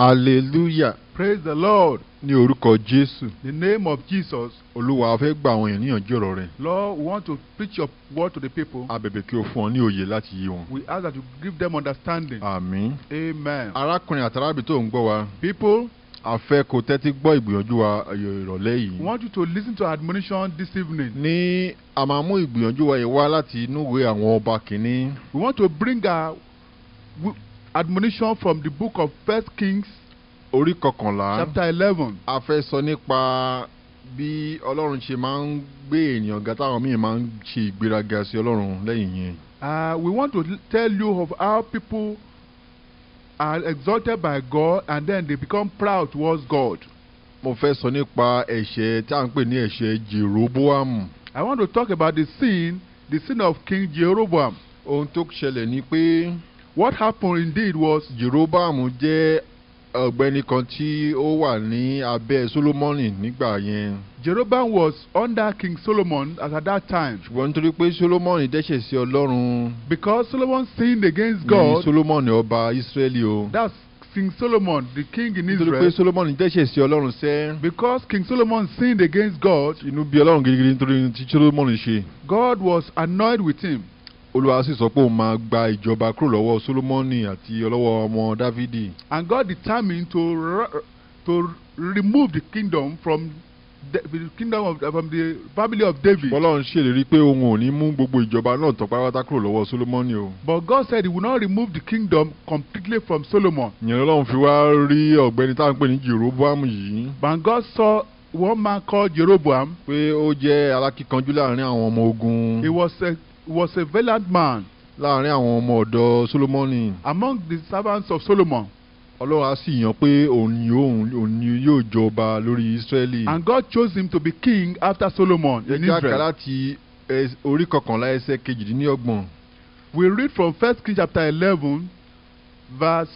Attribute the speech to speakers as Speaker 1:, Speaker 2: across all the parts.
Speaker 1: hallelujah praise the lord. ní orúkọ jésù. the name of jesus. olúwa a fẹ́ gba àwọn rẹ. lord we want to preach your word to the people. a bẹ̀bẹ̀ kí o fún ọ ní òye láti wọn. we ask that you give them understanding. Amen. amen. arákùnrin àtàrábì tó ń gbọ́ wa. people. a fẹ́ kó tẹ́tí gbọ́ ìgbìyànjú wa ìrọ̀lẹ́ yìí. we want you to listen to admonition this evening. ní ìgbìyànjú wa yìí wá láti inú ìwé àwọn ọba kìíní. we want to bring our admonition from the book of first kings. orí kọkànlá chapter eleven. a fẹ́ sọ nípa bí ọlọ́run ṣe máa ń gbé ènìyàn ga táwọn míì máa ń ṣe ìgbéraga sí ọlọ́run lẹ́yìn yẹn. Uh, we want to tell you of how people are exalted by God and then they become proud towards God. mo fẹ́ sọ nípa ẹ̀ṣẹ̀ tí a ń pè ní ẹ̀ṣẹ̀ Jeroboam. I want to talk about the sin the sin of King Jeroboam. ohun tó ṣẹlẹ̀ ni pé what happened indeed was Jeroboam jẹ́ ọ̀gbẹ́ni kan tí ó wà ní abẹ́ Solomoni nígbà yẹn. Jeroboam was under King Solomon at that time. ṣùgbọ́n nítorí pé Solomoni dẹ́ṣẹ̀ sí Ọlọ́run. because Solomon sinned against God. ní Solomoni ọba Israeli o. that's King Solomon, the king in Israel. nítorí pé Solomon dẹ́ṣẹ̀ sí Ọlọ́run sẹ́. because King Solomon sinned against God. inú bí Ọlọ́run gidigidi nítorí tí Solomon ṣe. God was annoyed with him. olúwa sì sọ pé òun máa gba ìjọba kúrò lọ́wọ́ solomoni àti ọlọ́wọ́ ọmọ dávidi. and God determined to to remove the kingdom from the, kingdom of from the family of David. bọ́lọ́run ṣèlérí pé òun ò ní mú gbogbo ìjọba náà tán pátápátá kúrò lọ́wọ́ solomoni o. but God said he will not remove the kingdom completely from Solomon. ìyẹn lọ́run fi wá rí ọ̀gbẹ́ni táwọn pè ní Jeroboam yìí. but God saw one man called Jeroboam. pé ó jẹ́ alákìkanjú láàrin àwọn ọmọ ogun. he was a was a valiant man. láàrin àwọn ọmọ ọ̀dọ̀ Solomoni. among the servants of Solomon. Ọlọ́run á sì yàn pé òun ni yóò jọba lórí Ísírẹ́lì. and God chose him to be king after Solomon in Israel. ẹ jẹ́ orí kọkànlá ẹsẹ̀ kejìdínlọ́gbọ̀n. we read from First King chapter eleven verse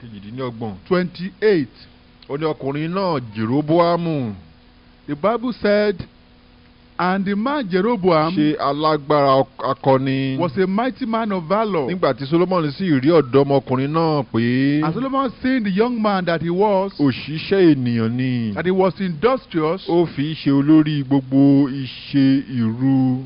Speaker 1: kejìdínlọ́gbọ̀n twenty-eight. ó ní ọkùnrin náà Jeroboamu. the Bible said And the man Jeroboam. ṣe alágbára akọni. was a mighty man of valour. nígbà tí Solomon sì rí ọ̀dọ́mọkùnrin náà pé. and Solomon seeing the young man that he was. òṣìṣẹ́ ènìyàn ni. that he was industrious. ó fi ṣe olórí gbogbo iṣẹ́ ìrú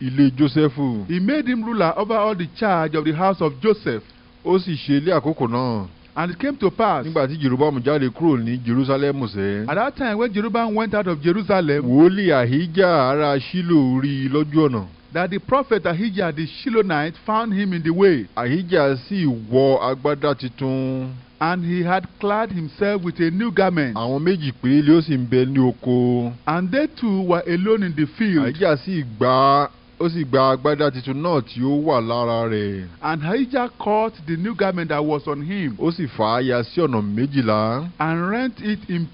Speaker 1: ilé Jósẹ́fù. he made him ruler over all the charge of the house of Joseph. ó sì ṣe ilé àkókò náà. And it came to pass. nígbà tí Jeroboam jáde kúrò ní Jerusalem sẹ́. At that time when Jeroboam went out of Jerusalem. wòlíì Ahijah ará Ṣílò rí i lójú ọ̀nà. That the prophet Ahijah the Shilonite found him in the way. Ahijah sì wọ agbádá titun. And he had clad himself with a new garment. Àwọn méjì péré ló ń bẹ ní oko. And they two were alone in the field. Ahijah sì gbà ó sì gba agbádá titun náà tí ó wà lára rẹ̀. and Ahijah cut the new garment that was on him. ó sì fà á ya sí ọ̀nà méjìlá. and rent it in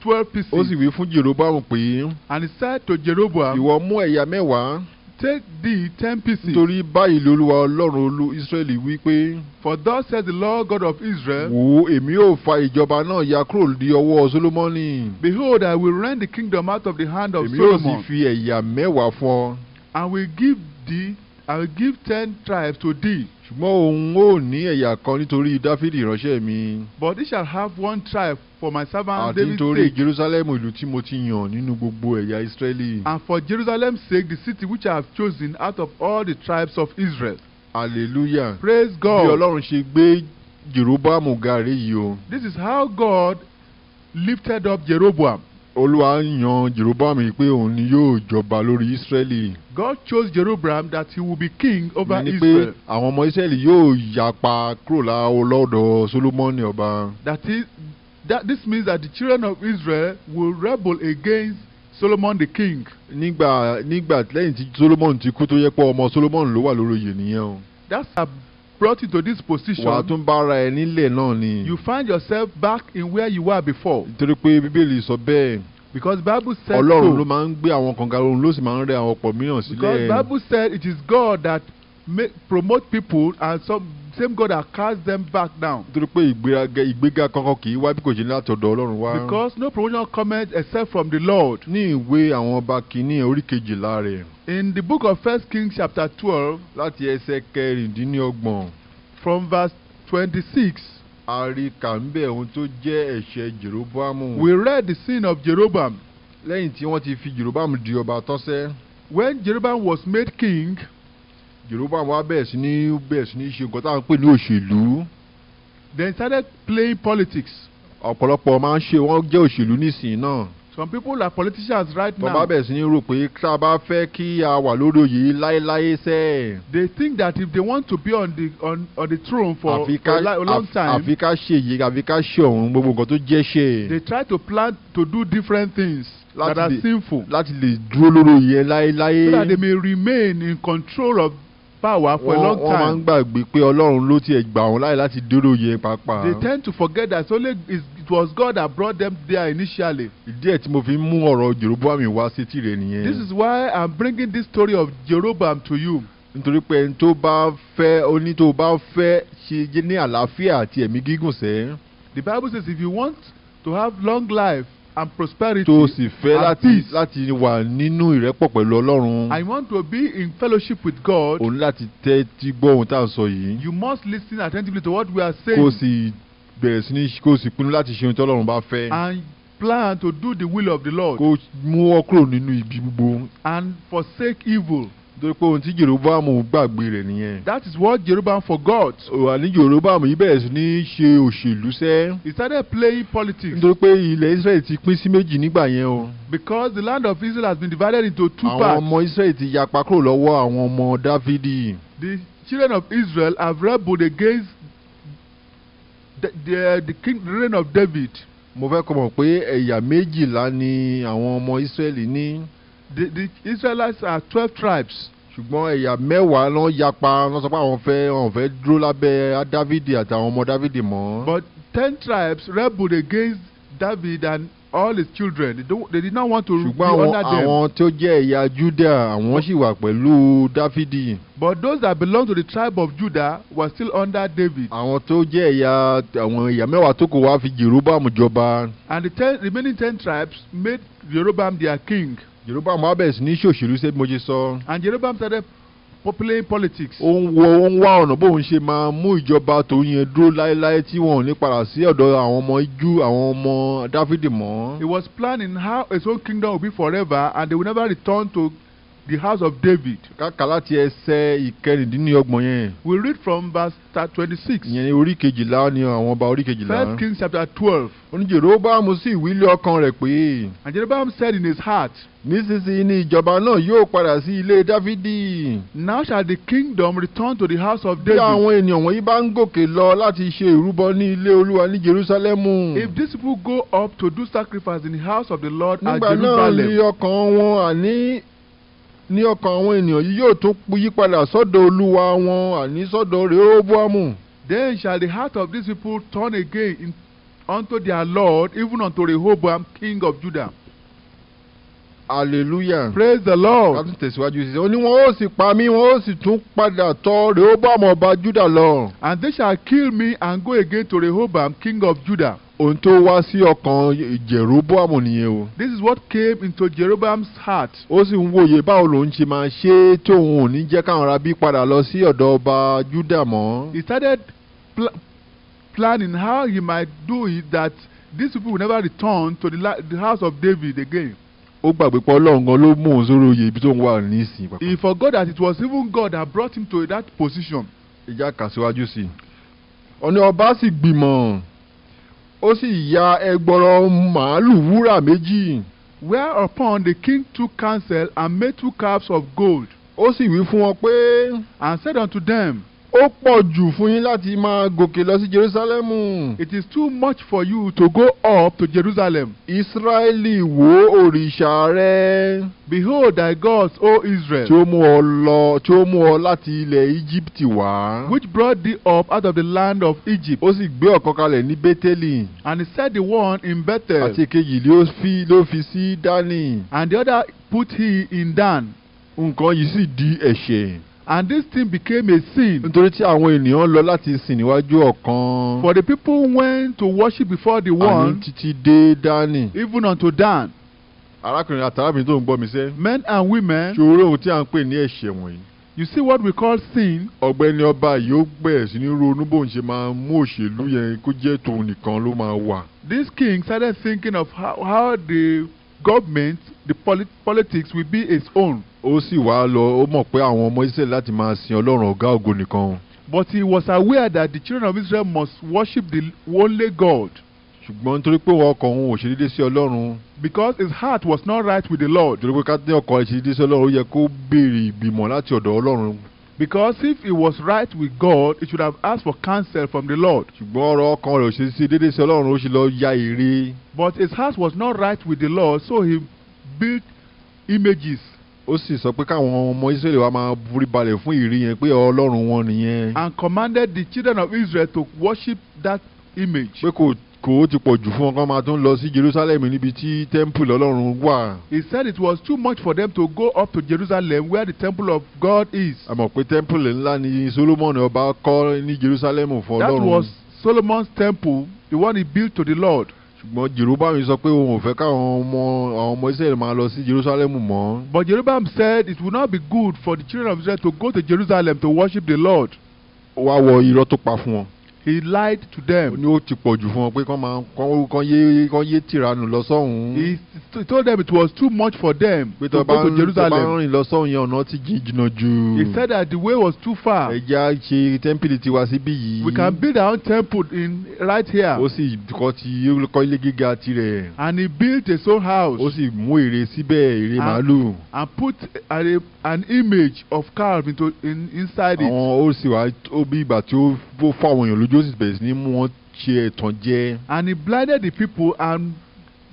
Speaker 1: twelve pieces. ó sì wí fún Jeroboam pé. and he said to Jeroboam. ìwọ mú ẹ̀yà mẹ́wàá. take the ten pieces. nítorí báyìí lolúwa ọlọ́run olú Ísírẹ́lì wí pé. for thus says the Lord God of Israel. wò èmi yóò fa ìjọba náà ya kúrò ní ọwọ́ Solomoni. behold I will rend the kingdom out of the hand of Solomon. èmi yóò sì fi ẹ̀yà mẹ́wàá fún ọ. I will give thee I will give ten tribes to thee. ṣùgbọ́n òun ò ní ẹ̀yà kan nítorí Dáfídì ìránṣẹ́ mi. but he shall have one tribe for my servant David's sake. àti nítorí Jerusalem ìlú tí mo ti yàn nínú gbogbo ẹ̀yà and for Jerusalem's sake the city which I have chosen out of all the tribes of Israel. hallelujah. praise God. bí Ọlọ́run ṣe gbé Jeroboam gàrí yìí o. this is how God lifted up Jeroboam. Olúwa yan pé òun ni yóò jọba lórí Ísírẹ́lì. God chose Jeroboam that he will be king over Israel. Ní pé àwọn ọmọ Ísírẹ́lì yóò yapa kúrò lọ́dọ̀ Solomoni ọba. That is that this means that the children of Israel will rebel against Solomon the king. Nígbà nígbà lẹ́yìn tí ti kú tó yẹ pé ọmọ ló wà lórí o. That's a brought this position. wà á tún ẹ nílẹ̀ náà ni. you find yourself back in where you were before. nítorí pé Bíbélì sọ bẹ́ẹ̀. because bible said so. ọlọ́run ló máa ń gbé àwọn kan ga òun ló sì máa ń rẹ àwọn ọ̀pọ̀ mìíràn sílẹ̀. because bible said it is God that make, promote people and some same God that cast them back down. nítorí pé ìgbéga ìgbéga kankan kì í wá bí kò ṣe láti ọ̀dọ̀ ọlọ́run wá. because no promotional comment except from the Lord. ní ìwé àwọn ọba kìíní orí kejìlá rẹ̀. in the book of First Kings chapter twelve. láti ẹsẹ̀ kẹrìndínlọ́gbọ̀n. from verse twenty-six a rí kà ohun tó jẹ́ ẹ̀ṣẹ̀ Jeroboamu. We read the sin of Jeroboam. Lẹ́yìn tí wọ́n ti fi Jeroboam di ọba tọ́sẹ́. When Jeroboam was made king. Jeroboam wá bẹ̀rẹ̀ sí ní bẹ̀rẹ̀ sí ní ṣe nǹkan tá à pè ní òṣèlú. They started playing politics. Ọ̀pọ̀lọpọ̀ máa ń ṣe wọ́n jẹ́ òṣèlú nísìnyí náà some people are politicians right now. tọ́ba bẹ̀rẹ̀ sí rò pé tá a bá fẹ́ kí a wà lórí oyè láéláé sẹ́. they think that if they want to be on the on, on the throne for, Africa, for a long time. àfi ká ṣe yìí àfi ká ṣe ọ̀hún gbogbo nǹkan tó jẹ́ ṣe. they try to plan to do different things láti that are sinful. láti lè dúró lórí oyè láéláé. so that they may remain in control of power for a long time. wọ́n máa ń gbàgbé pé ọlọ́run ló tiẹ̀ gbà wọ́n láyè láti dúró oyè pàápàá. they tend to forget that only is it was God that brought them there initially. ìdí ẹ̀ tí mo fi ń mú ọ̀rọ̀ wá sí tìrẹ nìyẹn. this is why I'm bringing this story of Jeroboam to you. nítorí pé ẹni tó bá fẹ́ oní tó bá fẹ́ ṣe ní àlàáfíà àti ẹ̀mí gígùn sẹ́. the Bible says if you want to have long life and prosperity tó sì fẹ́ láti láti wà nínú ìrẹ́pọ̀ pẹ̀lú Ọlọ́run. I want to be in fellowship with God. òun láti gbọ́ ohun tá sọ yìí. you must listen attentively to what we are saying. kò sì bẹ̀rẹ̀ sí ní kó sì pinnu láti ṣe ohun tí Ọlọ́run bá fẹ́. and plan to do the will of the Lord. kó mú ọ kúrò nínú ibi gbogbo. and forsake evil torí pé ohun tí Jeroboamu gbàgbé rẹ̀ nìyẹn. that is what Jeroboam forgot. òwà ní Jeroboamu yìí bẹ̀rẹ̀ sí ní ṣe òṣèlú sẹ́. he started playing politics. nítorí pé ilẹ̀ Israel ti pín sí méjì nígbà yẹn o. because the land of Israel has been divided into two parts. àwọn ọmọ Israel ti yapa kúrò lọ́wọ́ àwọn ọmọ Dávidi. the children of Israel have rebelled against the the king reign of David mo fẹ́ kọ́ mọ̀ pé ẹ̀yà méjìlá ni àwọn ọmọ Ísírẹ́lì ní the the Israelites are twelve tribes ṣùgbọ́n ẹ̀yà mẹ́wàá ló yapa ló sọ pé àwọn fẹ́ àwọn fẹ́ dúró lábẹ́ Dávidi àtàwọn ọmọ Dávidi mọ́. but ten tribes rebelled against David and all his children they, don't, they did not want to be under them. ṣùgbọ́n àwọn tó jẹ́ ẹ̀yà Judah àwọn sì wà pẹ̀lú Dáfídì. but those that belong to the tribe of Judah were still under David. àwọn tó jẹ́ ẹ̀yà àwọn ẹ̀yà mẹ́wàá tó kù wá fi Jeroboam jọba. and the ten remaining ten tribes made Jeroboam their king. Jeroboam wá sí ní ṣòṣèlú ṣé mo ṣe sọ. and Jeroboam started playing politics. ó ń wo ó ń wá ọ̀nà bóun ṣe máa mú ìjọba tòun yẹn dúró láéláé tí wọn ò ní padà sí ọ̀dọ̀ àwọn ọmọ ijú àwọn ọmọ dáfídì mọ́. he was planning how his own kingdom would be forever and they would never return to the house of David. kàkà láti ẹsẹ̀ ìkẹrìndínlọ́gbọ̀n yẹn. we read from verse twenty six. ìyẹn ní orí kejìlá ni àwọn ọba orí kejìlá. first Kings chapter twelve. oníjèrè sí ìwílé ọkàn rẹ̀ pé. and Jeroboam said in his heart. nísinsìnyí ni ìjọba náà yóò padà sí ilé Dáfídì. now shall the kingdom return to the house of David. bí àwọn ènìyàn wọ̀nyí bá ń gòkè lọ láti ṣe ìrúbọ ní ilé Olúwa ní Jerusalemu. if these people go up to do sacrifice in the house of the Lord at Jerusalem. nígbà náà ni ọkàn wọn àní ní ọkàn àwọn ènìyàn yìí yóò tó yípadà sọ́dọ̀ olúwa wọn àní sọ́dọ̀ Rehoboamu. Then shall the heart of these people turn again in, unto their Lord, even unto Rehoboam, king of Judah. Hallelujah. Praise the Lord. Láti tẹ̀síwájú sí i. Ó ní wọn ó sì pa mí, wọn ó sì tún padà tọ̀ Rehoboam ọba Judah lọ. And they shall kill me and go again to Rehoboam, king of Judah ohun tó wá sí ọkàn Jeroboam nìyẹn o. this is what came into Jeroboam's heart. ó sì ń wòye báwo lòun ṣe máa ṣe é tóun ò ní jẹ́ káwọn rabí padà lọ sí ọ̀dọ̀ ọba Júdà mọ́. he started pl planning how he might do it that these people will never return to the, the house of David again. ó gbàgbé pé Ọlọ́run ló mú òun sórí oyè ibi tó ń wà nísìnyí. he forgot that it was even God that brought him to that position. ìjà kà síwájú sí i. ọ̀nà ọba sì gbìmọ̀ ó sì ya ẹgbọrọ màálù wúrà méjì. whereupon the king took counsel and made two calves of gold. ó sì wí fún wọn pé. and said unto them ó pọ̀ jù fún yín láti máa gòkè lọ sí Jerusalemu. It is too much for you to go up to Jerusalem. Israeli wo òrìṣà rẹ. Behold thy gods, O Israel. Tí ó mú ọ lọ tí ó mú ọ láti ilẹ̀ Egypt wá. Which brought thee up out of the land of Egypt. Ó sì gbé ọ̀kan kalẹ̀ ní Betheli. And he set the one in Bethel. Àti èkejì ló fi sí Dani. And the other put he in Dan. Nǹkan yìí sì di ẹ̀ṣẹ̀ and this thing became a sin. nítorí tí àwọn ènìyàn lọ láti sìn níwájú ọ̀kan. for the people went to worship before the one. àní títí dé dání. even unto Dan. arákùnrin àtàrábìnrin tó ń gbọ́ mi sẹ́. men and women. ṣòro ohun tí a ń pè ní ẹ̀ṣẹ̀ wọ̀nyí. you see what we call sin. ọ̀gbẹ́ni ọba yóò bẹ̀rẹ̀ sí ní ronú bóun ṣe máa mú òṣèlú yẹn kó jẹ́ tòun nìkan ló máa wà. this king started thinking of how, how the government the polit politics will be his own ó sì wá lọ ó mọ̀ pé àwọn ọmọ Israel láti máa sin Ọlọ́run ọ̀gá ògo nìkan. But he was aware that the children of Israel must worship the only God. ṣùgbọ́n nítorí pé ọkàn òun ò ṣe déédéé sí Ọlọ́run. because his heart was not right with the Lord. nítorí pé káàtì ọkàn rẹ̀ ṣe déédéé sí Ọlọ́run ó yẹ kó béèrè ìgbìmọ̀ láti ọ̀dọ̀ Ọlọ́run. because if he was right with God he should have asked for counsel from the Lord. ṣùgbọ́n ọ̀rọ̀ ọkàn rẹ̀ ò ṣe sí sí Ọlọ́run ó ṣe lọ ya ère. but his heart was not right with the Lord so he built images ó sì sọ pé káwọn ọmọ Israẹli wa máa balẹ̀ fún ìrí yẹn pé ọlọ́run wọn nìyẹn. and commanded the children of Israel to worship that image. pé kò kò ó ti pọ̀ jù fún wọn kán máa tún lọ sí Jerusalem níbi tí temple ọlọ́run wà. he said it was too much for them to go up to Jerusalem where the temple of God is. a pé temple ńlá ni Solomon ọba kọ́ ní Jerusalem fún ọlọ́run. that was Solomon's temple the one he built to the Lord. ṣùgbọ́n Jeroboam sọ pé òun ò fẹ́ káwọn ọmọ àwọn ọmọ Israel máa lọ sí Jerusalem mọ́. But Jeroboam said it would not be good for the children of Israel to go to Jerusalem to worship the Lord. ó wọ irọ́ tó pa fún wọn he lied to them. ó ní ó ti pọ̀ fún ọ pé kán máa kán yé kán yé tìranu lọ sọ́hún. he told them it was too much for them to go to Jerusalem. tó bá rìn lọ sọ́hún yẹn ọ̀nà ti jìnnà jù. he said that the way was too far. ẹja ṣe tẹ́ḿpìlì tiwa síbí yìí. we can build our own temple in right here. ó sì kọ́ ti kọ́ ilé gíga tirẹ̀. and he built his own house. ó sì mú ère síbẹ̀ ère màálù. and put a an image of calf into in, inside it. àwọn ó sì wá ó bí ìgbà tí ó bó fún àwọn èèyàn lójú ó sì bẹ̀rẹ̀ sí ní mú wọn ṣe ẹ̀tàn jẹ. and he blinded the people and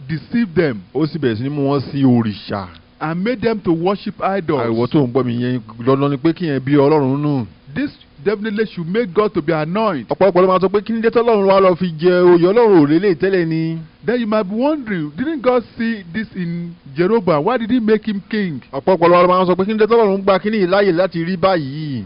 Speaker 1: deceived them. ó sì bẹ̀rẹ̀ sí ní mú wọn sí òrìṣà. and made them to worship idols. àìwọ́ tó ń gbọ́ mi yẹn lọ́nà ni pé kí yẹn bí Ọlọ́run nù. this definitely should make God to be annoyed. ọ̀pọ̀lọpọ̀ ló máa sọ pé kí ni dé tọ́lọ́run wa lọ fi jẹ oyè ọlọ́run òrè lè tẹ́lẹ̀ ni. then you might be wondering didn't God see this in Jeroboam why did he make him king. ọ̀pọ̀lọpọ̀ ló máa sọ pé kí ni dé tọ́lọ́run gba kí ni ìláyè láti rí báyìí.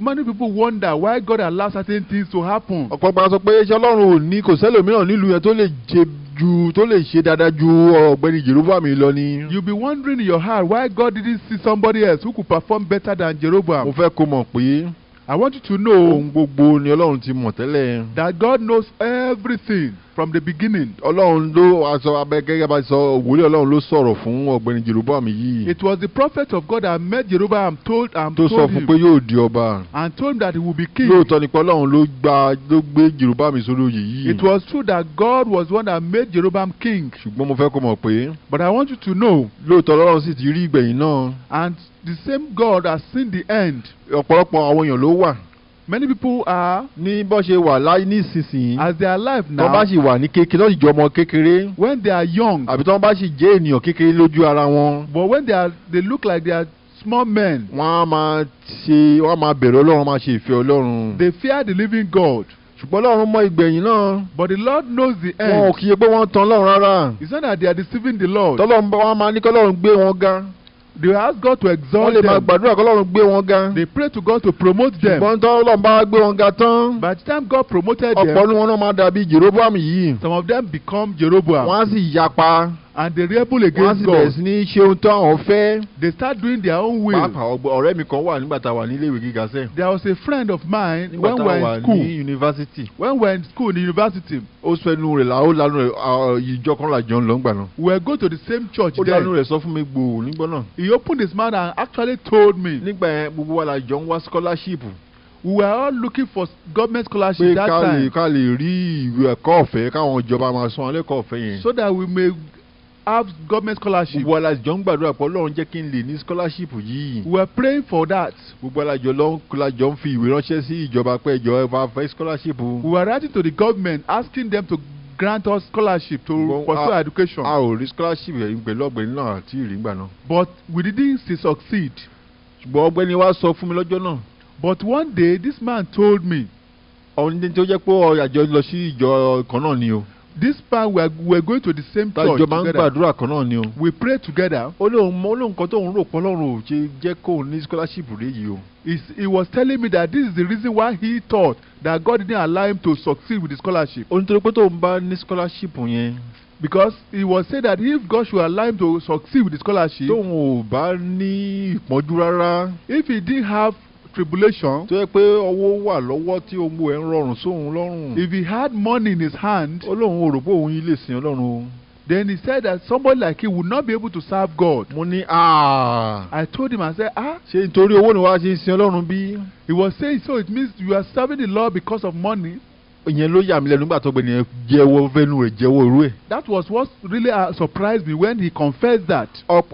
Speaker 1: many people wonder why God allow certain things to happen. ọ̀pọ̀lọpọ̀ sọ pé ṣé ọlọ́run ò ní kò sẹ́lòmíràn nílùú yẹn tó lè jẹ ju tó lè ṣe dáadáa ju ọ̀gbẹ́ni Jeroboam lọ ni. you be wondering in your heart why God didn't see somebody else who could perform better than Jeroboam. mo fẹ́ kó mọ̀ pé I want you to know. Ohun gbogbo ni Ọlọ́run ti mọ̀ tẹ́lẹ̀. That God knows everything from the beginning ọlọ́run ló aṣọ abẹ́gẹ́gẹ́ bá sọ wòlíì ọlọ́run ló sọ̀rọ̀ fún ọ̀gbẹ́ni Jeroboam yìí. it was the prophet of God that met Jeroboam told am um, told him. tó sọ fún pé yóò di ọba. and told him that he would be king. lóòótọ́ ni pé ló gba ló gbé Jeroboam sórí oyè yìí. it was true that God was one that made Jeroboam king. ṣùgbọ́n mo fẹ́ kó mọ̀ pé. but I want you to know. lóòótọ́ ọlọ́run sì ti rí ìgbẹ̀yìn náà. and the same God has seen the end. ọ̀pọ̀lọpọ̀ àwọn èèyàn ló wà many people are. ní bó ṣe wà láyé nísinsìnyí. as they are alive now. tó bá sì wà ní kékeré tó sì kékeré. when they are young. àbí tó bá sì jẹ́ ènìyàn kékeré lójú ara wọn. but when they are they look like they are small men. wọ́n á máa ṣe wọ́n á máa bẹ̀rẹ̀ ọlọ́run máa ṣe ìfẹ́ ọlọ́run. they fear the living God. ṣùgbọ́n ọlọ́run mọ ìgbẹ̀yìn náà. but the Lord knows the end. wọn ò kí i pé wọ́n tan ọlọ́run rárá. it's not that they are deceiving the Lord. tọ́lọ́run bá wọn máa ní they ask God to exalt them. wọ́n lè máa gbàdúrà kọ́ gbé wọn ga. they pray to God to promote them. ṣùgbọ́n tọ́ lọ́run bá gbé wọn ga tán. by the time God promoted them. ọ̀pọ̀ nínú wọn náà máa dàbí Jeroboam yìí. some of them become Jeroboam. wọ́n á sì yapa. and they rebel against God. wọ́n bẹ̀rẹ̀ sí ní ṣe ohun tó àwọn fẹ́. they start doing their own way. pàápàá ọ̀rẹ́ mi kan wà nígbà tá a wà ìwé gíga sẹ́. there was a friend of mine when we were in school. nígbà tá a wà ní university. when we were in school ní university. ó sọ ẹnu rẹ̀ la ó lanu rẹ̀ ìjọ kan la jọ ń lọ náà. we were going to the same church then. ó lanu rẹ̀ sọ fún mi gbòò nígbà náà. he opened his mouth and actually told me. nígbà yẹn gbogbo wa la jọ ń wá scholarship we were all looking for government scholarship that time. pé ká lè ká lè rí ìwé ẹ̀kọ́ ọ̀fẹ́ káwọn ìjọba máa san ọ̀fẹ́ yẹn. so that we may have government scholarship. gbogbo alajọ ń gbàdúrà pé ọlọ́run jẹ́ kí n lè ní scholarship yìí. we are praying for that. gbogbo alajọ lọ lajọ ń fi ìwé ránṣẹ́ sí ìjọba pé ìjọ ẹ̀fà fẹ́ scholarship. we are writing to the government asking them to grant us scholarship to pursue our education. a ò rí scholarship pẹ̀lú ọ̀gbẹ́ni náà àti ìrìngbà náà. but we didn't succeed. ṣùgbọ́n ọ̀gbẹ́ni wa sọ fún mi lọ́jọ́ náà. but one day this man told me. ọ̀hún ní jẹ́ pé àjọ lọ sí ìjọ kan náà ni o this part we are we are going to the same church together. tajọba ń gbàdúrà kan náà ni o. we pray together. ó mọ ó lóun kan tóun rò pọ́ lọ́rùn ò ṣe jẹ́ kóun ní scholarship rẹ̀ o. he was telling me that this is the reason why he thought that God didn't allow him to succeed with the scholarship. ó ní torí pé tóun bá ní scholarship yẹn. because he was saying that if God should allow him to succeed with the scholarship. tóun ò bá ní ìpọ́njú rárá. if he didn't have tribulation. tó yẹ pé ọwọ́ wà lọ́wọ́ tí ẹ̀ ń rọrùn sóhun lọ́rùn. if he had money in his hand. ò rò pé òun yìí lè sìn Ọlọ́run Then he said that somebody like him would not be able to serve God. Mo ní ah. I told him I said ah. Ṣé nítorí owó ni wàá ṣe ń sin Ọlọ́run bí? He was saying so it means you are serving the Lord because of money. ìyẹn ló yà mí lẹ́nu nígbà tó gbé nìyẹn jẹ́wọ́ venu rẹ̀ jẹ́wọ́ irú ẹ̀. that was what really uh, surprised me when he confessed that.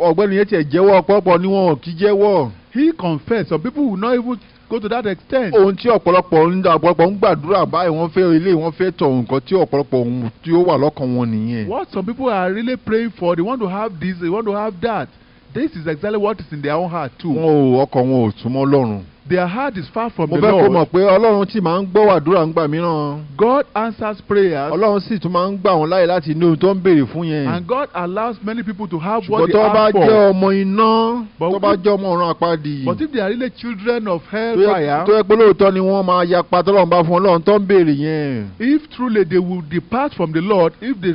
Speaker 1: ọ̀gbẹ́ni yẹn tiẹ̀ jẹ́wọ́ ọ̀pọ̀pọ̀ ni wọn kì í jẹ́wọ́. he confessed some people would not even go to that extent. ohun tí ọ̀pọ̀lọpọ̀ ń da ọ̀pọ̀lọpọ̀ ń gbàdúrà báyìí wọ́n fẹ́ ilé wọ́n fẹ́ tọ̀ nǹkan tí ọ̀pọ̀lọpọ̀ ohun tí ó wà lọ́kàn wọn nìyẹn. what some people are really praying for they want to have this they want to have that this is exactly what is in their own heart too. wọn ò ọkàn wọn ò súnmọ́ lọ́rùn. Their heart is far from the Lord. mo fẹ́ kó mọ̀ pé Ọlọ́run tí máa ń gbọ́ àdúrà ńgbà mìíràn. God answers prayers. Ọlọ́run sì tún máa ń gbà wọ́n láyè láti inú tó ń béèrè fún yẹn. And God allows many people to have what they ask for. ṣùgbọ́n tó bá jẹ́ ọmọ iná tó bá jẹ́ ọmọ ọ̀run àpáàdì. But if they are really children of hellfire. tó yẹ pé lóòótọ́ ni wọ́n máa yapa tọ́lọ́run fún Ọlọ́run tó ń béèrè yẹn. If truly they will depart from the Lord if they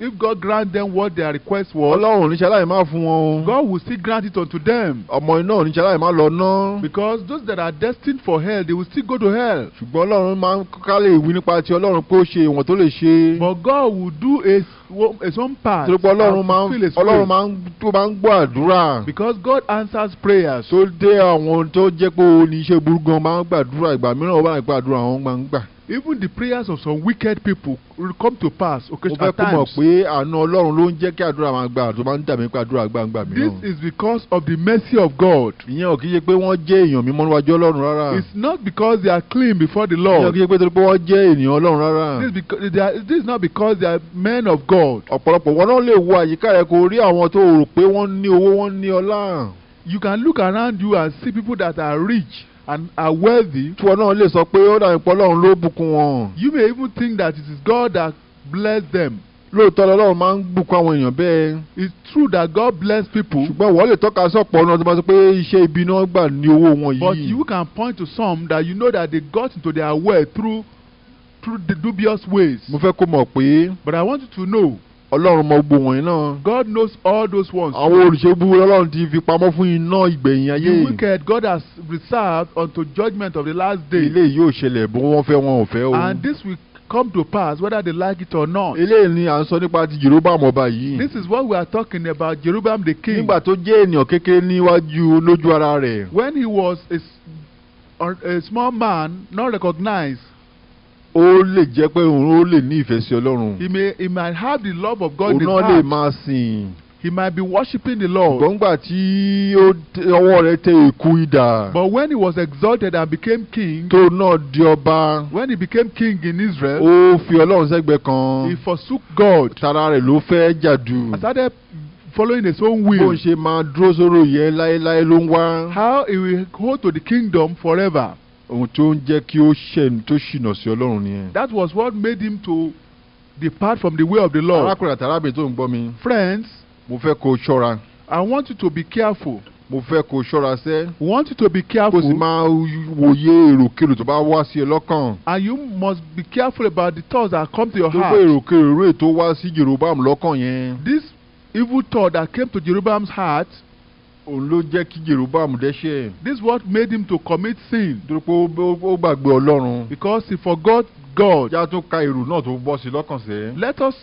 Speaker 1: if God grant them what their request was. Ọlọ́run oníṣẹ́ láì máa fún wọn God will still grant it unto them. Ọmọ iná oníṣẹ́ láì máa lọ ná. because those that are destined for hell they will still go to hell. Ṣùgbọ́n Ọlọ́run máa ń kálẹ̀ ìwé nípa ti Ọlọ́run pé ó ṣe ìwọ̀n tó lè ṣe. But God will do a his own part. Torí pé Ọlọ́run máa ń Ọlọ́run máa ń tó máa ń gbọ́ àdúrà. because God answers prayers. Tó dé àwọn tó jẹ́ pé oníṣẹ́ burúkú gan máa ń gbàdúrà ìgbà mìíràn even the prayers of some wicked people will come to pass occasionally at times. mo fẹ́ kó mọ̀ pé àánú Ọlọ́run ló ń jẹ́ kí àdúrà máa gbà tó máa ń dàbí pé àdúrà gbà ń mìíràn. this is because of the mercy of God. ìyẹn ò kí ṣe pé wọ́n jẹ́ èèyàn mímọ́ níwájú Ọlọ́run rárá. it's not because they are clean before the Lord. ìyẹn ò kí ṣe pé pé wọ́n jẹ́ ènìyàn Ọlọ́run rárá. this is not because they are men of God. ọ̀pọ̀lọpọ̀ wọn náà lè wo àyíká rẹ kó rí àwọn tó rò pé wọ́n ní owó wọ́n ní ọlá. you can look around you and see people that are rich and are worthy. tí wọn náà lè sọ pé ó dàbí pé ló bùkún wọn. you may even think that it is God that bless them. lóòótọ́ ọlọ́run máa ń bùkún àwọn èèyàn bẹ́ẹ̀. it's true that God bless people. ṣùgbọ́n wọ́n lè tọ́ka sọ̀pọ̀ ọ̀nà tó máa sọ pé iṣẹ́ ibi náà gbà ní owó wọn yìí. but you can point to some that you know that they got into their wealth through through dubious ways. mo fẹ́ kó mọ̀ pé. but I want you to know ọlọ́run mọ gbogbo wọ̀nyí náà. God knows all those ones. àwọn olùṣègbè ọlọ́run ti fi pamọ́ fún iná ìgbẹ̀yìn ayé. the wicked God has reserved unto judgment of the last day. ilé yóò ṣẹlẹ̀ bó wọ́n fẹ́ wọn ò fẹ́ o. and this will come to pass whether they like it or not. eléyìí ni à ń sọ nípa ti Jeroboam ọba yìí. this is what we are talking about Jerubam the king. nígbà tó jẹ́ ènìyàn kékeré níwájú lójú ara rẹ̀. when he was a, a small man not recognized ó lè jẹ́ pé òun ó lè ní ìfẹ́ sí ọlọ́run. he may he might have the love of God in his heart. òun náà lè máa sìn. he might be worshiping the Lord. gbọ̀ngbà tí ọwọ́ rẹ̀ tẹ èkú idà. but when he was exalted and became king. tó náà di ọba. when he became king in Israel. ó fi ọlọ́run sẹ́gbẹ̀ẹ́ kan. he forsook God. tara rẹ̀ ló fẹ́ jàdù. and started following his own will. bó ń ṣe máa dúró sóró yẹn láéláé ló ń wá. how he will hold to the kingdom forever ohun tí ń jẹ́ kí ó ṣẹ̀ tó ṣìnà sí ọlọ́run nìyẹn. that was what made him to depart from the way of the Lord. arákùnrin àti arábìnrin tó ń gbọ́ mi. friends. mo fẹ́ kó o ṣọ́ra. I want you to be careful. mo fẹ́ kó o ṣọ́ra sẹ́. we want you to be careful. kó o sì máa wòye èròkèrò tó bá wá sí ẹ lọ́kàn. and you must be careful about the thoughts that come to your heart. gbogbo èròkèrò rẹ̀ tó wá sí Jeroboam lọ́kàn yẹn. this evil thought that came to Jeroboam's heart òun ló jẹ́ kí dẹ́ṣẹ̀. this is what made him to commit sin. ó gbàgbé Ọlọ́run. because he forgot God. ka èrò náà tó bọ́ sí lọ́kàn sẹ́. let us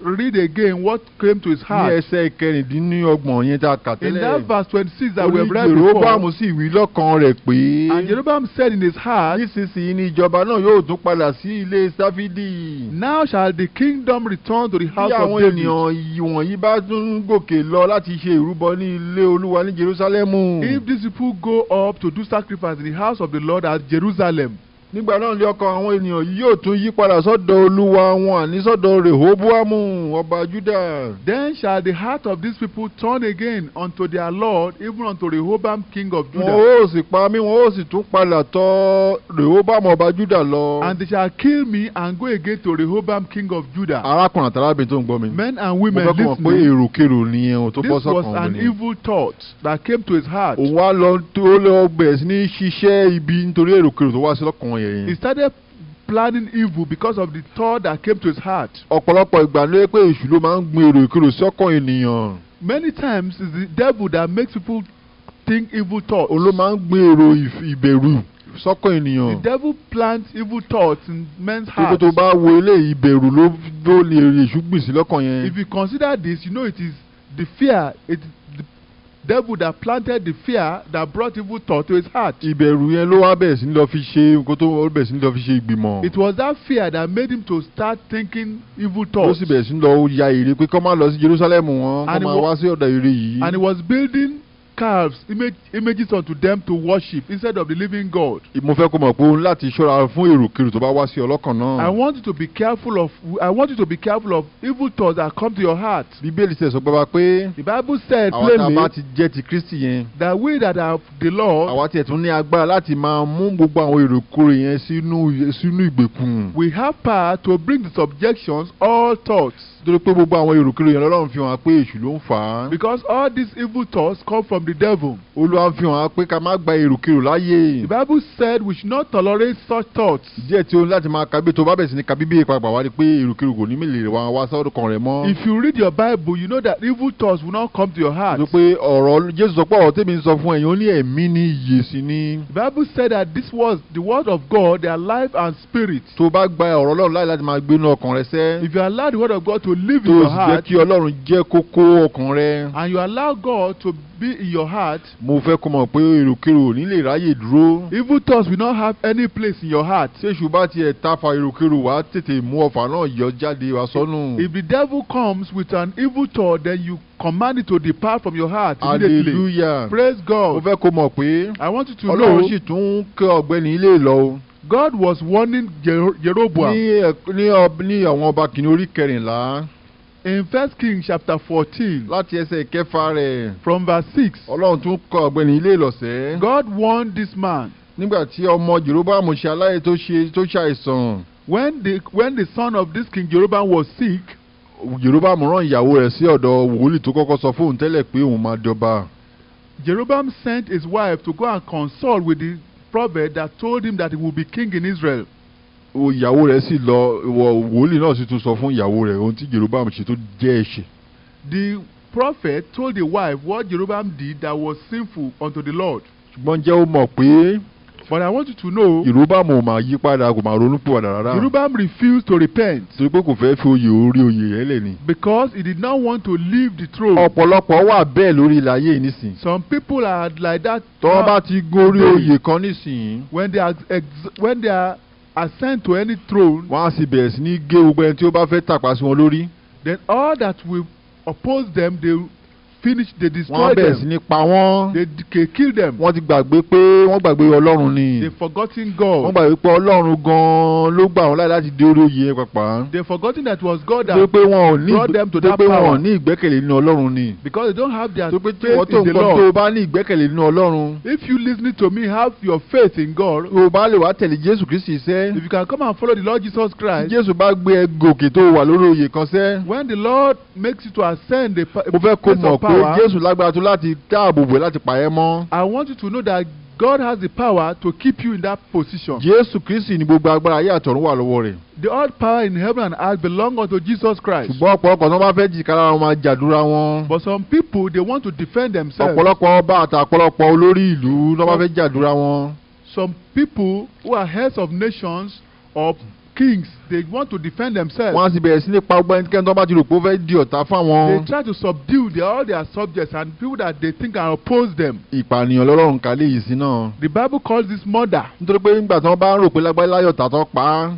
Speaker 1: read again what came to his heart. ní ẹsẹ̀ kẹrìndínlọ́gbọ̀n yẹn tá kà tẹ́lẹ̀. in that verse twenty-six that we have read before. Jeroboam sì wí lọ́kàn rẹ̀ pé. and Jeroboam said in his heart. nísinsìnyí ni ìjọba náà yóò tún padà sí ilé Sáfídì. now shall the kingdom return to the house of David. bí àwọn ènìyàn wọ̀nyí bá tún gòkè lọ láti ṣe ìrúbọ ní ilé Olúwa ní Jerusalem. if these people go up to do sacrifice in the house of the Lord at Jerusalem. nígbà náà àwọn ènìyàn yìí yóò tún yí padà sọ́dọ̀ olúwa wọn àní sọ́dọ̀ rehoboamu ọba juda. then shall the heart of these people turn again unto their lord even unto rehoboam king of judah. wọn ó sì pa mí wọn ó sì tún padà tọ̀ ọba juda lọ. and they shall kill me and go again to rehoboam king of judah. arákùnrin àti arábìnrin tó ń gbọ́ mi. men and women lis ten. mo fẹ́ kọ́ pé èròkèrò ni tó bọ́ sọ́kàn mi. this was an evil thought that came to his heart. òun wá lọ tó lọ sí ní ṣiṣẹ́ ibi nítorí èròkèrò tó wá sí lọ́kàn yẹn. he started planning evil because of the thought that came to his heart. ọ̀pọ̀lọpọ̀ ìgbà ló yẹ pé èṣù ló máa ń gbin èrò ìkérò sọ́kàn ènìyàn. many times it's the devil that makes people think evil thoughts. òun ló máa ń gbin èrò ìbẹ̀rù sọ́kàn ènìyàn. the devil plants evil thoughts in men's hearts. tó bá wo eléyìí ìbẹ̀rù ló ló lè èṣù gbìn sí lọ́kàn yẹn. if you consider this you know it is the fear it is devil that planted the fear that brought evil thought to his heart. ìbẹ̀rù yẹn ló wá bẹ̀rẹ̀ sí ní lọ fi ṣe tó bẹ̀rẹ̀ sí ní lọ fi ṣe ìgbìmọ̀. it was that fear that made him to start thinking evil thoughts. ló sì bẹ̀rẹ̀ sí ní lọ ya pé kó lọ sí Jerusalem wọn kó wá sí yìí. and he was building calves image, images unto them to worship instead of the living God. mo fẹ́ kó mọ̀ pé láti ṣọ́ra fún tó bá wá sí náà. I want you to be careful of I want you to be careful of evil thoughts that come to your heart. Bíbélì sẹ̀ sọ pé wá pé. The Bible said plainly. àwọn tá ti jẹ́ ti Kristi yẹn. that we that have the Lord. àwa tiẹ̀ tún ní agbára láti máa mú gbogbo àwọn yẹn sínú sínú ìgbèkùn. We have power to bring to subjections all thoughts. pé gbogbo àwọn yẹn lọ́lọ́run fi hàn pé èṣù ló ń fà á. Because all these evil thoughts come from the the devil. Olúwa fi hàn á pé ká má gba èròkérò láàyè. The Bible said we should not tolerate such thoughts. Díẹ̀ tí o ní láti máa ka tó bá bẹ̀rẹ̀ sí ní ka bíbí ìpapà wá ni pé èròkérò kò ní mèlè wá wá sọ́dọ̀ kan rẹ̀ mọ́. If you read your Bible you know that evil thoughts will not come to your heart. Sọ pé ọ̀rọ̀ Jésù sọ pé ọ̀rọ̀ tèmi ń sọ fún ẹ̀yin ó ní ẹ̀mí ní iyè sí ni. The Bible said that this was the word of God their life and spirit. Tó bá gba ọ̀rọ̀ Ọlọ́run láì láti máa gbé inú ọkàn rẹ sẹ́. If you allow the word of God to live in your heart. Tó sì jẹ́ kí Ọlọ́run jẹ́ kókó ọkàn rẹ. And you allow God to be in your heart. mo fẹ́ kọ́ mọ̀ pé èròkérò ò ní lè ráyè dúró. even thoughts will not have any place in your heart. ṣé ṣùgbọ́n àti ẹ̀ta fa èròkérò wá tètè mú ọfà náà yọ jáde wá sọ́nù. if the devil comes with an evil thought then you command it to depart from your heart immediately. hallelujah praise God. mo fẹ́ kó mọ̀ pé. I want you to know. Ọlọ́run sì tún kẹ́ ọ̀gbẹ́ni ilé lọ. God was warning Jeroboam. ní ní àwọn ọba kìnìún orí kẹrìnlá in first king chapter fourteen. láti ẹsẹ̀ ìkẹfà rẹ̀. from verse six. ọlọ́run tún kọ ọ̀gbẹ́ni ilé ìlọ̀sẹ̀. God warned this man. nígbà tí ọmọ Jeroboam ṣe aláyè tó ṣe tó ṣàìsàn. when the when the son of this king Jeroboam was sick. Jeroboam rán ìyàwó rẹ̀ sí ọ̀dọ̀ wòlíì tó kọ́kọ́ sọ fóun tẹ́lẹ̀ pé òun máa jọba. Jeroboam sent his wife to go and consult with the prophet that told him that he would be king in Israel ìyàwó rẹ̀ sì lọ wọ wòlíì náà sì tún sọ fún ìyàwó rẹ̀ ohun tí Jeroboam ṣe tó jẹ́ ẹ̀ṣẹ̀. The prophet told the wife what Jerubam did that was sinful unto the Lord. ṣùgbọ́n jẹ́ ó mọ̀ pé. But I want you to know. Jerubam ò máa yí padà kò máa ronú pìwàdà rárá. Jeroboam refused to repent. torí pé kò fẹ́ fi oyè orí oyè yẹn lẹ̀ ni. Because he did not want to leave the throne. ọ̀pọ̀lọpọ̀ wà bẹ́ẹ̀ lórí ilẹ̀ nísìn. Some people are like that. tọ́ bá ti gorí oyè kan nísìn. When they are when they are ascend to any throne. wọ́n á sì bẹ̀rẹ̀ sí ní gé gbogbo ẹni tí ó bá fẹ́ tàpá sí wọn lórí. then all that will oppose them they Finish. they destroy them. wọ́n bẹ̀rẹ̀ sí ní pa wọ́n. they, they killed them. wọ́n ti gbàgbé pé wọ́n gbàgbé ọlọ́run ni. they forgotten God. wọ́n gbàgbé pé ọlọ́run gan-an ló gbà wọ́n láti dé orí oyè pàpà. they forgotten that it was God that brought them to that power. pé wọn ò ní ìgbẹ́kẹ̀lé nínú ọlọ́run ni. because they don't have their faith in the Lord. tó pé tó o bá ní ìgbẹ́kẹ̀lé nínú ọlọ́run. if you listening to me have your faith in God. o bá lè wá tẹ̀lé Jésù Kristi sẹ́. if you can come and follow the Lord Jesus Christ. Jésù bá gbé ẹ gòkè tó wà lórí oyè kan sẹ́. when the Lord makes you to ascend the place of power wá. pé Jésù lágbára tó láti dáàbò bò láti pa ẹ́ I want you to know that God has the power to keep you in that position. Jésù Kristi ni gbogbo agbára ayé àtọ̀run wà lọ́wọ́ rẹ̀. The all power in heaven and earth belong unto Jesus Christ. ṣùgbọ́n ọ̀pọ̀lọpọ̀ tí wọ́n fẹ́ jìkára wọn máa jàdúrà wọn. But some people they want to defend themselves. ọ̀pọ̀lọpọ̀ ọba àti ọ̀pọ̀lọpọ̀ olórí ìlú tí wọ́n fẹ́ jàdúrà wọn. Some people who are heads of nations or kings they want to defend themselves. wọ́n á sì bẹ̀rẹ̀ sí ní pa ọgbọ́n ẹni kẹ́ni tó bá ti rò pé ó fẹ́ di ọ̀tá fáwọn. they try to subdue their, all their subjects and people that they think are oppose them. ìpànìyàn lọ́lọ́run kà lè yìí sí náà. the bible calls this murder. nítorí pé nígbà tí wọ́n bá ń rò pé lágbáyé láyọ̀ tàtọ́ pa á.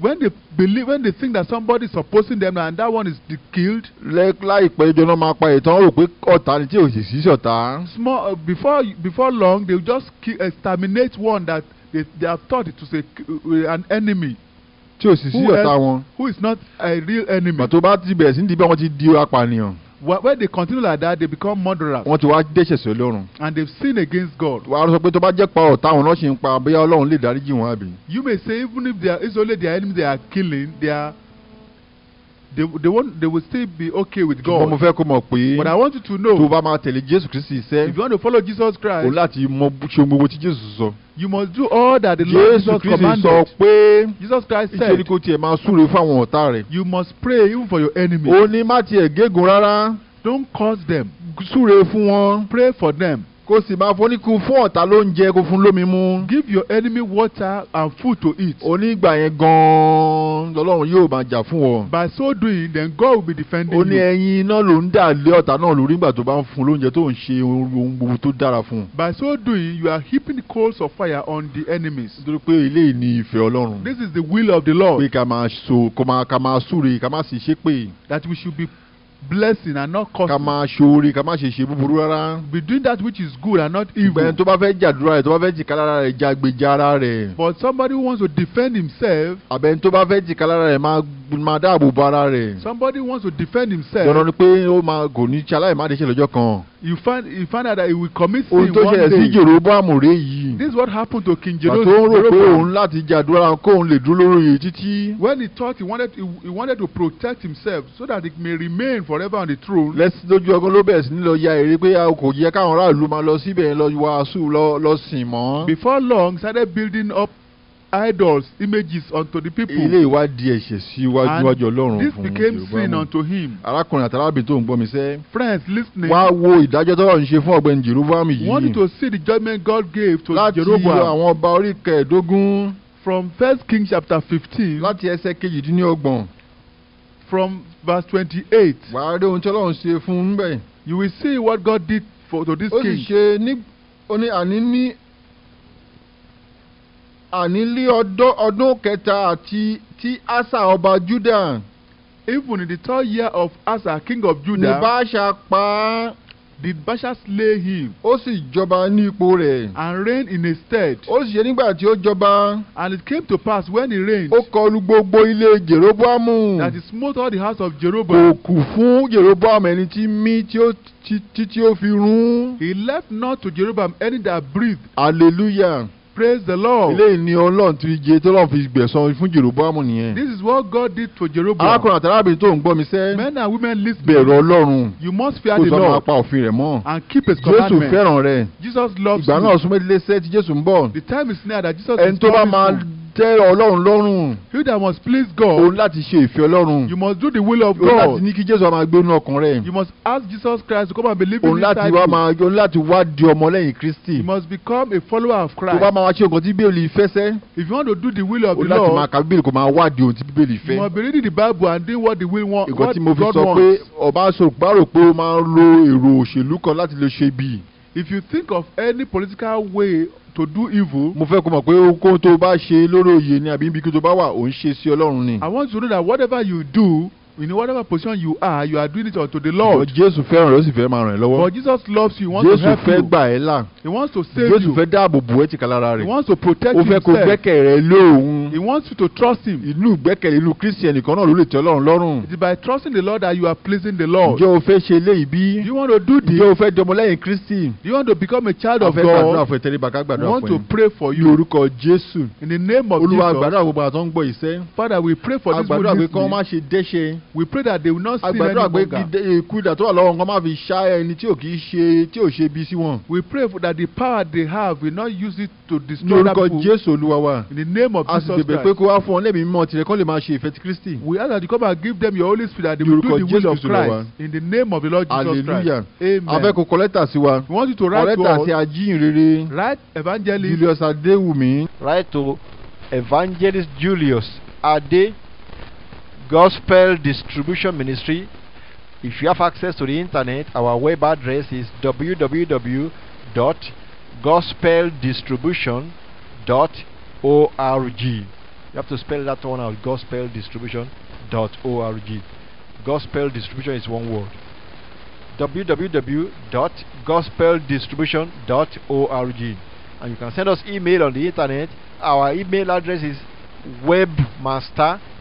Speaker 1: when they believe when they think that somebody is opposing them and that one is killed. láìpẹ́ ìjọ náà máa pa ìtàn rò pé ọ̀tá ni tí ò sì sí ṣọ̀tá. small uh, before before long they will just kill, exterminate one that they, they have thought it was a, uh, an enemy tí ò sì sí ọ̀tá wọn. who is not a real enemy. bàtò bá ti bẹ̀rẹ̀ sí ní ti bá wọn ti di apànìyàn. when they continue like that they become murderers. wọ́n ti wá dẹ́ṣẹ̀ sí Ọlọ́run. and they sin against God. wàá sọ pé tó bá jẹ́ pa ọ̀tá wọn náà ṣe ń pa bóyá Ọlọ́run lè dáríjì wọn àbí. you may say even if they are it's only their enemy they are killing they are they they won't they will still be okay with God. mo fẹ́ kó mọ̀ pé. but I want you to know. tó o bá máa tẹ̀lé Jésù Kristi iṣẹ́. if you want to follow Jesus Christ. o láti mọ ṣe gbogbo tí Jésù sọ. you must do all that the Lord Jesus commanded. Jésù Kristi sọ pé. Jesus Christ said. ìṣèlú kò tiẹ̀ máa súre fún àwọn ọ̀tá rẹ̀. you must pray even for your enemies. o ní má tiẹ̀ gégùn rárá. don't curse them. súre fún wọn. pray for them kó sì máa foníkun fún ọ̀tá lóúnjẹ kó fún lómi mu. give your enemy water and food to eat. onígbà yẹn gan-an lọ́lọ́run yóò máa jà fún ọ. by so doing then God will be defending you. ó ní ẹyin iná ló ń dà lé ọ̀tá náà lórí nígbà tó bá ń fún lóúnjẹ tó ń ṣe ohun gbogbo tó dára fún. by so doing you are heaping coals of fire on the enemies. nítorí pé eléyìí ni ìfẹ́ Ọlọ́run. this is the will of the Lord. pé ká máa so ká máa súre ká máa sì ṣépè. that we should be blessing and not cursing. ká máa ṣoore ká búburú rárá. be doing that which is good and not evil. tó bá fẹ́ jàdúrà rẹ̀ tó bá fẹ́ rẹ̀ rẹ̀. but somebody who wants to defend himself. àbẹ̀ tó bá fẹ́ rẹ̀ máa máa dáàbò rẹ̀. somebody wants to defend himself. dandan ni pé ó máa gò ní ṣe lọ́jọ́ kan. you find you find out that he will commit sin one day. tó sí yìí. this is what happened to King Jeroboam. pàtó ń rò pé òun láti jàdúrà lè dúró lórí títí. when he thought he wanted he, he wanted to protect himself so that he may remain forever on the throne. lẹ́sìn lójú ọgbọ́n ló bẹ̀rẹ̀ sí ní lọ ya èrè pé a kò yẹ káwọn aráàlú máa lọ síbẹ̀ lọ wàásù lọ sìn mọ́. before long started building up idols images unto the people. ilé ìwádìí ẹ̀ṣẹ̀ sí iwájú ọjọ́ ọlọ́run fún yorùbá and this became sin unto him. arákùnrin àti arábìnrin tó ń gbọ́ mi sẹ́. friends listening. wá wo ìdájọ́ tọ́lọ̀ ń ṣe fún ọ̀gbẹ́ni jeroboam yìí. wanted to see the judgment God gave to Láti jeroboam. láti àwọn ọba orí kẹẹ̀ẹ́dógún. from first king chapter fifteen. láti ẹsẹ̀ kejìdínlọ́gbọ̀n from verse twenty-eight. wàá rí ohun tí ọlọ́run ṣe fún un bẹ́ẹ̀. you will see what God did for to this king. ó sì ṣe ní oní àní ní àní lé ọdún kẹta àti ti asa ọba juda. even in the third year of asa king of judah. ni bá a ṣe pa á did Baasha slay him. ó sì jọba ní ipò rẹ̀. and reigned in his stead. ó sì ṣe nígbà tí ó jọba. and it came to pass when he reigned. ó kọlu gbogbo ilé Jeroboamu. that he smote all the house of Jeroboam. kò fún Jeroboam ẹni tí mí tí ó títí tí ó fi run. he left not to Jeroboam any that breathed. hallelujah. Praise the Lord. Ilé ìní Ọlọ́run ti jẹ tó lọ́n fi gbẹ̀sán fún Jeroboamu nìyẹn. This is what God did for Jeroboam. Arákùnrin àti arábìnrin tó ń gbọ́ mi sẹ́. Men and women listen. Bẹ̀rù Ọlọ́run. You must fear the Lord. Kó sọ ma pa òfin rẹ̀ mọ́. And keep his commandments. Jésù fẹ́ràn rẹ̀. Jesus loves you. Ìgbà náà súnmọ́ ilé sẹ́ tí Jésù ń bọ̀. The time is near that Jesus is coming soon. Ẹni tó bá máa tẹ́ ọlọ́run lọ́rùn. you that must please God. òun láti ṣe ìfẹ́ ọlọ́run. you must do the will of God. òun láti ní kí jésù máa gbénu ọkàn rẹ. you must ask Jesus Christ to come and believe in his life. òun láti wá di ọmọ lẹ́yìn Kristi. you must become a follower of Christ. tó bá máa wá ṣe nǹkan tí bíbélì fẹ́ sẹ́. if you want to do the will of the Lord. òun láti máa ka bíbélì kò máa wá di ohun tí bíbélì fẹ́. you must be reading the Bible and do what the will want. ìgbà tí mo fi sọ pé ọba sọ̀rọ̀ rò pé ó máa ń lo èrò òṣèlú kan láti lè ṣe bí. if you think of any political way to do evil. mo fẹ́ kó mọ̀ pé ohun tó bá ṣe lórí òye ni àbí ibi kí tó bá wà ò ń ṣe sí ọlọ́run ni. I want to know that whatever you do in whatever position you are you are doing it unto the lord. but Jésù fẹ́ràn rẹ̀ ó sì fẹ́ máa ràn ẹ́ lọ́wọ́. but Jesus loves you he wants Jesus to help you. Jésù fẹ́ gbà ẹ́ là. he wants to save Jesus you. Jésù fẹ́ dáàbò bò ẹ́ tìka lára rẹ̀. he wants to protect you. ó fẹ́ kó gbẹ́kẹ̀ rẹ lóhun. he wants you to trust him. inú gbẹ́kẹ̀lé inú Christian nìkan náà ló lè tẹ́ Ọlọ́run lọ́rùn. it is by trusting the Lord that you are pleasing the Lord. ǹjẹ́ o fẹ́ ṣe eléyìí bí? do you want to do this? ǹjẹ́ o fẹ́ dọmọlẹ́yìn Kristi? do you want to become a child of God? a fẹ́ gbàdúrà want to pray for you. in the name of Jesus. Father we pray for this we pray that they will not sin any longer. àgbàdo àgbẹ̀ ikú ìdà tó wà lọ́wọ́ nǹkan má fi ṣá ẹni tí ò kì í ṣe tí ò ṣe bí sí wọn. we pray that the power they have will not use it to destroy that people. ní Jésù Olúwa in the name of Jesus Christ. a bèbè pé kó wá fún ọ lẹ́mìí mímọ́ tirẹ̀ kó lè máa ṣe ìfẹ́ ti Kristi. we ask that you come and give them your holy spirit that they will do the will of Christ in the name of the Lord Jesus Christ. hallelujah. amen. a fẹ́ kó lẹ́tà sí wa. we want you to write to us. kọ sí ajínrere. write evangelist. Julius Adéwùmí. write to evangelist Julius Adé. Gospel Distribution Ministry. If you have access to the internet, our web address is www.gospeldistribution.org. You have to spell that one out gospeldistribution.org. Gospel distribution is one word www.gospeldistribution.org and you can send us email on the internet our email address is webmaster